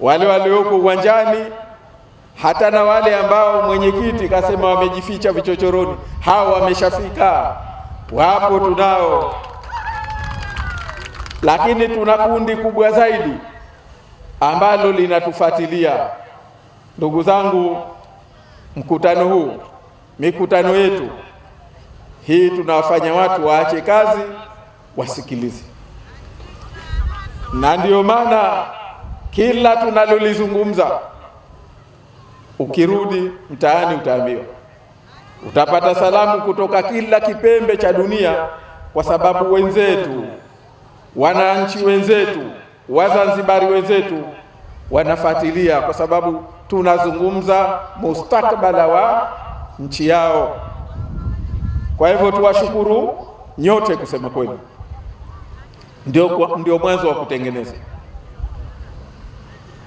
wale walioko uwanjani, hata na wale ambao mwenyekiti kasema wamejificha vichochoroni, hao wameshafika, wapo tunao. Lakini tuna kundi kubwa zaidi ambalo linatufuatilia. Ndugu zangu, mkutano huu, mikutano yetu hii tunawafanya watu waache kazi wasikilize, na ndio maana kila tunalolizungumza ukirudi mtaani utaambiwa, utapata salamu kutoka kila kipembe cha dunia, kwa sababu wenzetu, wananchi wenzetu, Wazanzibari wenzetu wanafuatilia, kwa sababu tunazungumza mustakabala wa nchi yao. Kwa hivyo tuwashukuru nyote, kusema kweli ndio, ndio mwanzo wa kutengeneza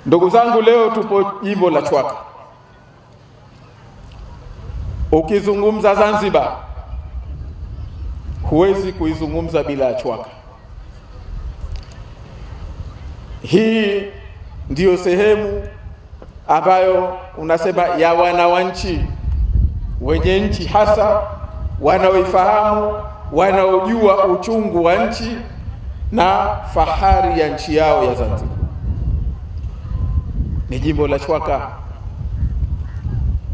Ndugu zangu, leo tupo jimbo la Chwaka. Ukizungumza Zanzibar huwezi kuizungumza bila ya Chwaka. Hii ndiyo sehemu ambayo unasema ya wananchi wenye nchi, hasa wanaoifahamu, wanaojua uchungu wa nchi na fahari ya nchi yao ya Zanzibar ni jimbo la Chwaka,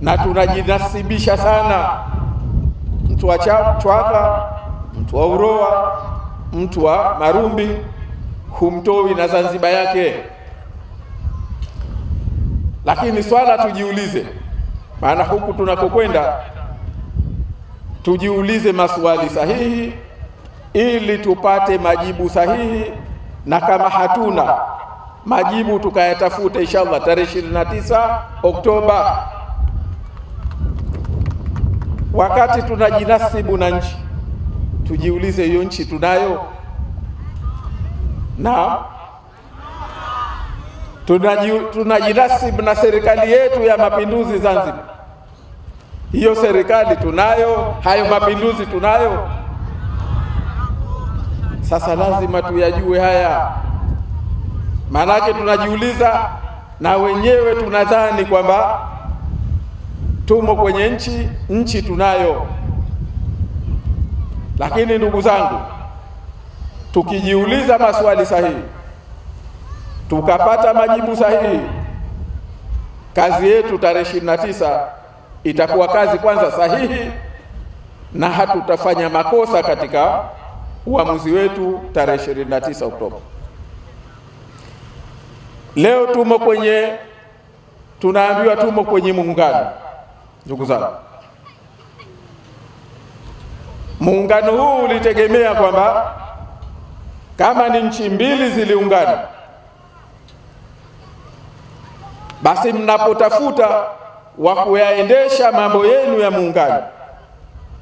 na tunajinasibisha sana mtu wa Chwaka, mtu wa Uroa, mtu wa Marumbi humtowi na Zanzibar yake. Lakini swala tujiulize, maana huku tunakokwenda tujiulize maswali sahihi ili tupate majibu sahihi, na kama hatuna majibu tukayatafuta inshallah tarehe 29 Oktoba, wakati tunajinasibu na nchi, tujiulize hiyo nchi tunayo na tunajinasibu na serikali yetu ya mapinduzi Zanzibar. Hiyo serikali tunayo, hayo mapinduzi tunayo. Sasa lazima tuyajue haya. Maanake tunajiuliza na wenyewe tunadhani kwamba tumo kwenye nchi, nchi tunayo. Lakini ndugu zangu, tukijiuliza maswali sahihi, tukapata majibu sahihi, kazi yetu tarehe ishirini tisa itakuwa kazi kwanza sahihi, na hatutafanya makosa katika uamuzi wetu tarehe 29 Oktoba. Leo tumo kwenye, tunaambiwa tumo kwenye muungano. Ndugu zangu, muungano huu ulitegemea kwamba kama ni nchi mbili ziliungana, basi mnapotafuta wa kuyaendesha mambo yenu ya muungano,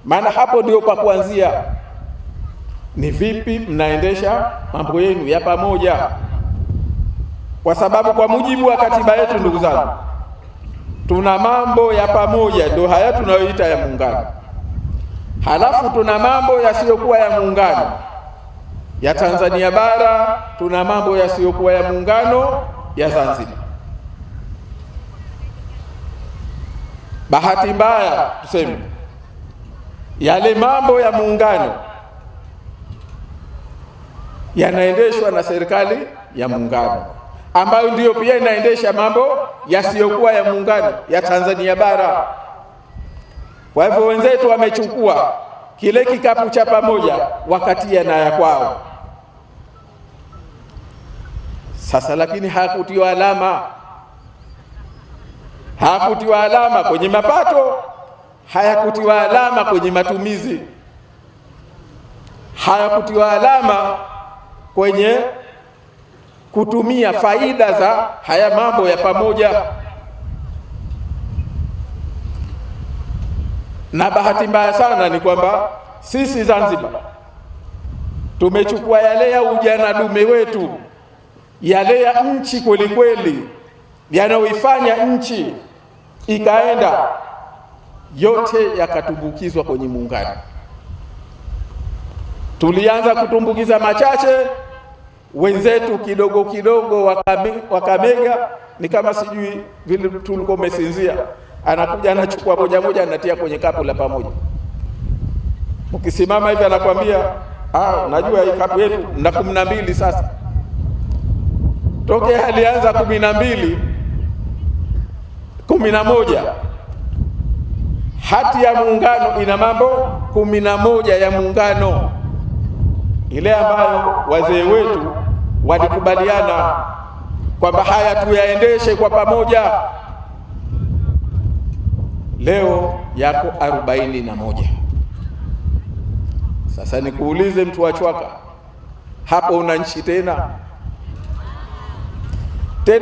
maana hapo ndio pa kuanzia, ni vipi mnaendesha mambo yenu ya pamoja kwa sababu kwa mujibu wa katiba yetu, ndugu zangu, tuna mambo ya pamoja, ndio haya tunayoita ya muungano. Halafu tuna mambo yasiyokuwa ya muungano ya Tanzania bara, tuna mambo yasiyokuwa ya muungano ya Zanzibar. Bahati mbaya tuseme, yale mambo ya muungano yanaendeshwa na serikali ya muungano ambayo ndiyo pia inaendesha mambo yasiyokuwa ya muungano ya Tanzania bara. Kwa hivyo wenzetu wamechukua kile kikapu cha pamoja, wakatia na ya kwao. Sasa lakini hakutiwa alama, hakutiwa alama kwenye mapato, hayakutiwa alama kwenye matumizi, hayakutiwa alama kwenye kutumia faida za haya mambo ya pamoja. Na bahati mbaya sana ni kwamba sisi Zanzibar tumechukua yale ya ujana dume wetu, yale ya nchi kweli kweli, yanayoifanya nchi ikaenda, yote yakatumbukizwa kwenye muungano. Tulianza kutumbukiza machache wenzetu kidogo kidogo wakame, wakamega ni kama sijui vile tulikuwa umesinzia, anakuja anachukua moja moja anatia kwenye kapu la pamoja. Ukisimama hivi anakwambia ah, najua hii kapu yetu na kumi na mbili sasa. Tokea alianza kumi na mbili kumi na moja hati ya muungano ina mambo kumi na moja ya muungano ile ambayo wazee wetu walikubaliana kwamba haya tuyaendeshe kwa pamoja. Leo yako arobaini na moja. Sasa nikuulize mtu wa Chwaka, hapo una nchi tena?